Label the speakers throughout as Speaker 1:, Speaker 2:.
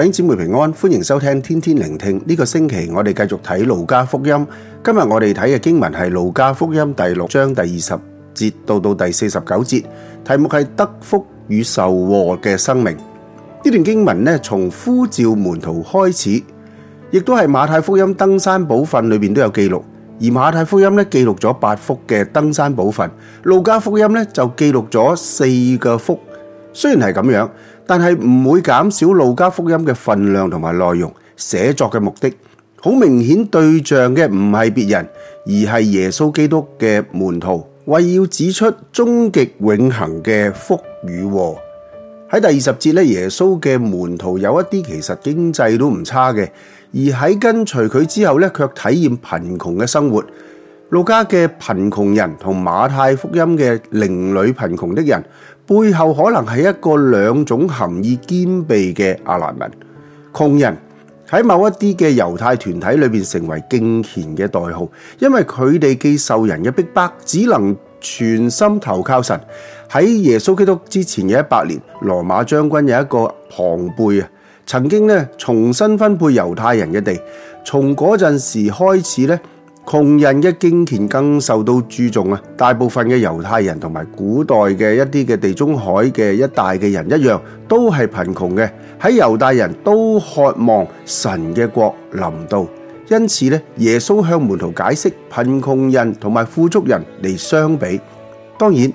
Speaker 1: 弟兄姊妹平安，歡迎收聽天天聆聽。呢個星期我哋繼續睇路加福音。今日我哋睇嘅經文係路加福音第六章第二十節到到第四十九節，題目係得福與受禍嘅生命。呢段經文呢，從呼召門徒開始，亦都係馬太福音登山寶訓裏邊都有記錄。而馬太福音呢記錄咗八福嘅登山寶訓，路加福音呢就記錄咗四個福。雖然係咁樣，但係唔會減少路加福音嘅份量同埋內容，寫作嘅目的，好明顯對象嘅唔係別人，而係耶穌基督嘅門徒，為要指出終極永恆嘅福與禍。喺第二十節咧，耶穌嘅門徒有一啲其實經濟都唔差嘅，而喺跟隨佢之後咧，卻體驗貧窮嘅生活。路加嘅貧窮人同馬太福音嘅靈裡貧窮的人，背後可能係一個兩種含義兼備嘅亞蘭文。窮人喺某一啲嘅猶太團體裏邊成為敬虔嘅代號，因為佢哋既受人嘅逼迫，只能全心投靠神。喺耶穌基督之前嘅一百年，羅馬將軍有一個龐貝啊，曾經重新分配猶太人嘅地，從嗰陣時開始窮人嘅敬虔更受注重啊，大部分嘅猶太人同埋古代嘅一啲嘅地中海嘅一帶嘅人一樣，都係貧窮嘅。喺猶大人都渴望神嘅國臨到，因此咧，耶穌向門徒解釋貧窮人同埋富足人嚟相比，當然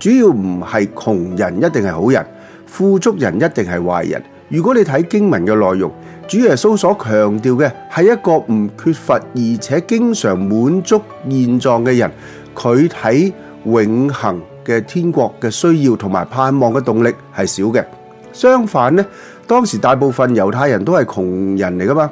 Speaker 1: 主要唔係窮人一定係好人，富足人一定係壞人。如果你睇經文嘅內容，主耶穌所強調嘅係一個唔缺乏而且經常滿足現狀嘅人，佢睇永恆嘅天國嘅需要同埋盼望嘅動力係少嘅。相反咧，當時大部分猶太人都係窮人嚟噶嘛，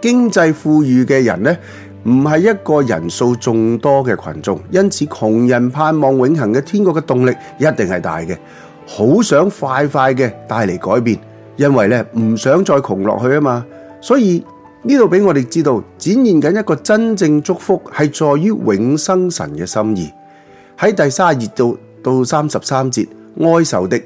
Speaker 1: 經濟富裕嘅人呢，唔係一個人數眾多嘅群眾，因此窮人盼望永恆嘅天國嘅動力一定係大嘅，好想快快嘅帶嚟改變。因為咧唔想再窮落去啊嘛，所以呢度俾我哋知道展現緊一個真正祝福係在於永生神嘅心意。喺第三十二節到三十三節，哀愁的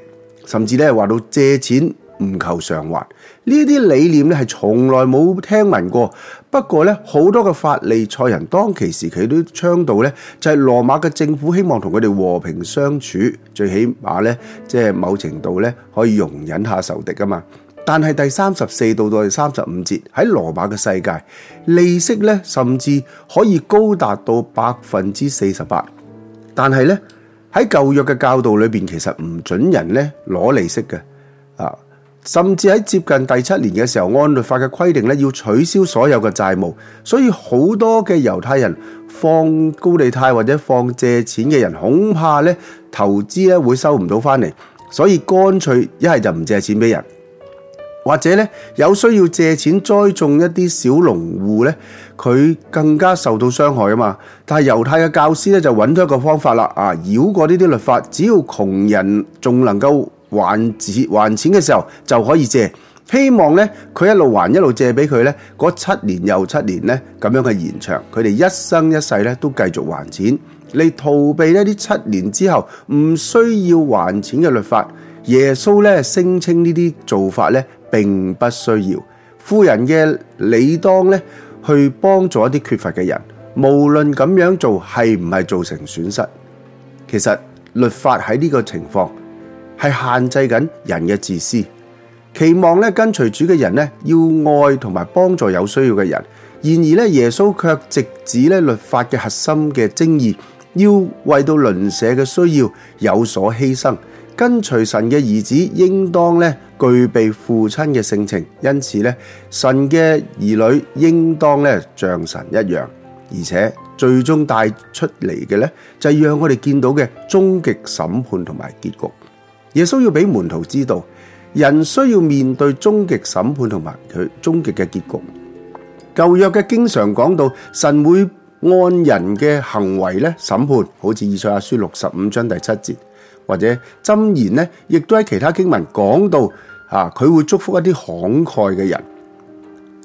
Speaker 1: 甚至咧話到借錢。唔求償還呢啲理念咧，係從來冇聽聞過。不過咧，好多嘅法利賽人當其時佢都倡導咧，就係羅馬嘅政府希望同佢哋和平相處，最起碼咧，即係某程度咧可以容忍下仇敵啊嘛。但係第三十四到到第三十五節喺羅馬嘅世界，利息咧甚至可以高達到百分之四十八。但係咧喺舊約嘅教導裏邊，其實唔准人咧攞利息嘅啊。甚至喺接近第七年嘅時候，按律法嘅規定咧要取消所有嘅債務，所以好多嘅猶太人放高利貸或者放借錢嘅人，恐怕咧投資咧會收唔到翻嚟，所以乾脆一係就唔借錢俾人，或者咧有需要借錢栽種一啲小農戶咧，佢更加受到傷害啊嘛。但係猶太嘅教師咧就揾咗一個方法啦，啊，繞過呢啲律法，只要窮人仲能夠。還錢嘅時候就可以借，希望咧佢一路還一路借俾佢咧，嗰七年又七年咧咁樣嘅延長，佢哋一生一世咧都繼續還錢嚟逃避呢啲七年之後唔需要還錢嘅律法。耶穌咧聲稱呢啲做法咧並不需要，富人嘅理當咧去幫助一啲缺乏嘅人，無論咁樣做係唔係造成損失，其實律法喺呢個情況。係限制緊人嘅自私，期望咧跟隨主嘅人咧要愛同埋幫助有需要嘅人。然而咧，耶穌卻直指咧律法嘅核心嘅精義，要為到鄰舍嘅需要有所犧牲。跟隨神嘅兒子，應當咧具備父親嘅性情，因此咧神嘅兒女應當咧像神一樣，而且最終帶出嚟嘅咧就係讓我哋見到嘅終極審判同埋結局。耶穌要俾門徒知道，人需要面對終極審判同埋佢終極嘅結局。舊約嘅經常講到神會按人嘅行為咧審判，好似以賽亞書六十五章第七節，或者箴言，呢亦都喺其他經文講到，啊佢會祝福一啲慷慨嘅人。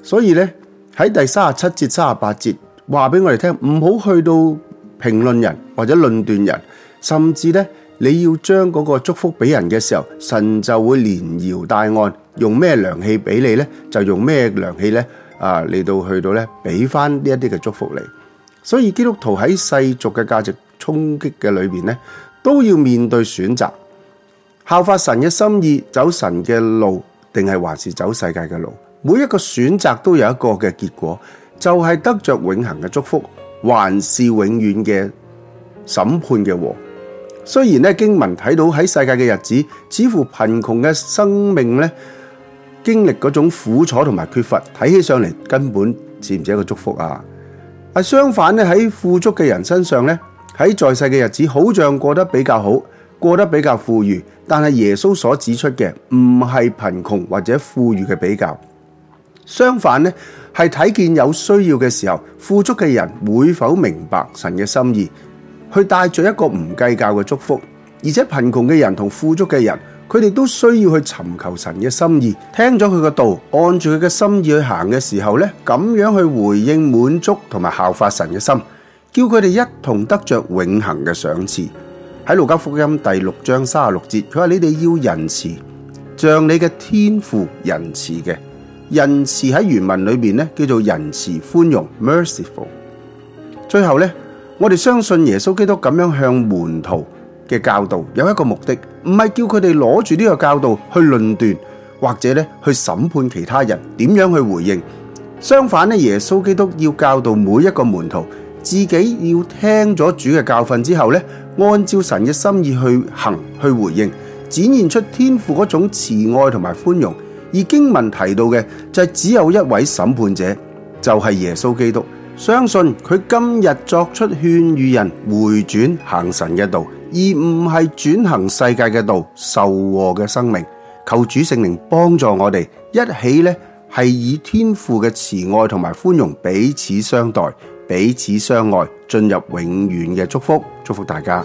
Speaker 1: 所以咧喺第三十七節、三十八節話俾我哋聽，唔好去到評論人或者論斷人，甚至咧。你要將嗰個祝福俾人嘅時候，神就會連搖帶按。用咩量器俾你咧，就用咩量器咧，啊嚟到去到咧，俾翻呢一啲嘅祝福你。所以基督徒喺世俗嘅價值衝擊嘅裏邊咧，都要面對選擇，效法神嘅心意，走神嘅路，定係還是走世界嘅路？每一個選擇都有一個嘅結果，就係、是、得着永恆嘅祝福，還是永遠嘅審判嘅禍。雖然咧，經文睇到喺世界嘅日子，似乎貧窮嘅生命咧，經歷嗰種苦楚同埋缺乏，睇起上嚟，根本似唔似一個祝福啊？啊，相反咧，喺富足嘅人身上咧，喺在，在世嘅日子，好像過得比較好，過得比較富裕。但係耶穌所指出嘅唔係貧窮或者富裕嘅比較，相反咧係睇見有需要嘅時候，富足嘅人會否明白神嘅心意？佢帶着一個唔計較嘅祝福，而且貧窮嘅人同富足嘅人，佢哋都需要去尋求神嘅心意，聽咗佢嘅道，按住佢嘅心意去行嘅時候咧，咁樣去回應滿足同埋效法神嘅心，叫佢哋一同得着永恆嘅賞賜。喺路加福音第六章三十六節，佢話你哋要仁慈，像你嘅天父仁慈。嘅仁慈喺原文裏面咧叫做仁慈寬容 （merciful）。最後咧。我哋相信耶穌基督咁樣向門徒嘅教導有一個目的，唔係叫佢哋攞住呢個教導去論斷或者咧去審判其他人點樣去回應。相反咧，耶穌基督要教導每一個門徒自己要聽咗主嘅教訓之後咧，按照神嘅心意去行去回應，展現出天父嗰種慈愛同埋寬容。而經文提到嘅就係只有一位審判者，就係耶穌基督。相信佢今日作出勸喻人回轉，行神嘅道，而唔係轉行世界嘅道，受禍嘅生命。求主聖靈幫助我哋，一起咧係以天父嘅慈愛同埋寬容彼此相待，彼此相愛，進入永遠嘅祝福。祝福大家。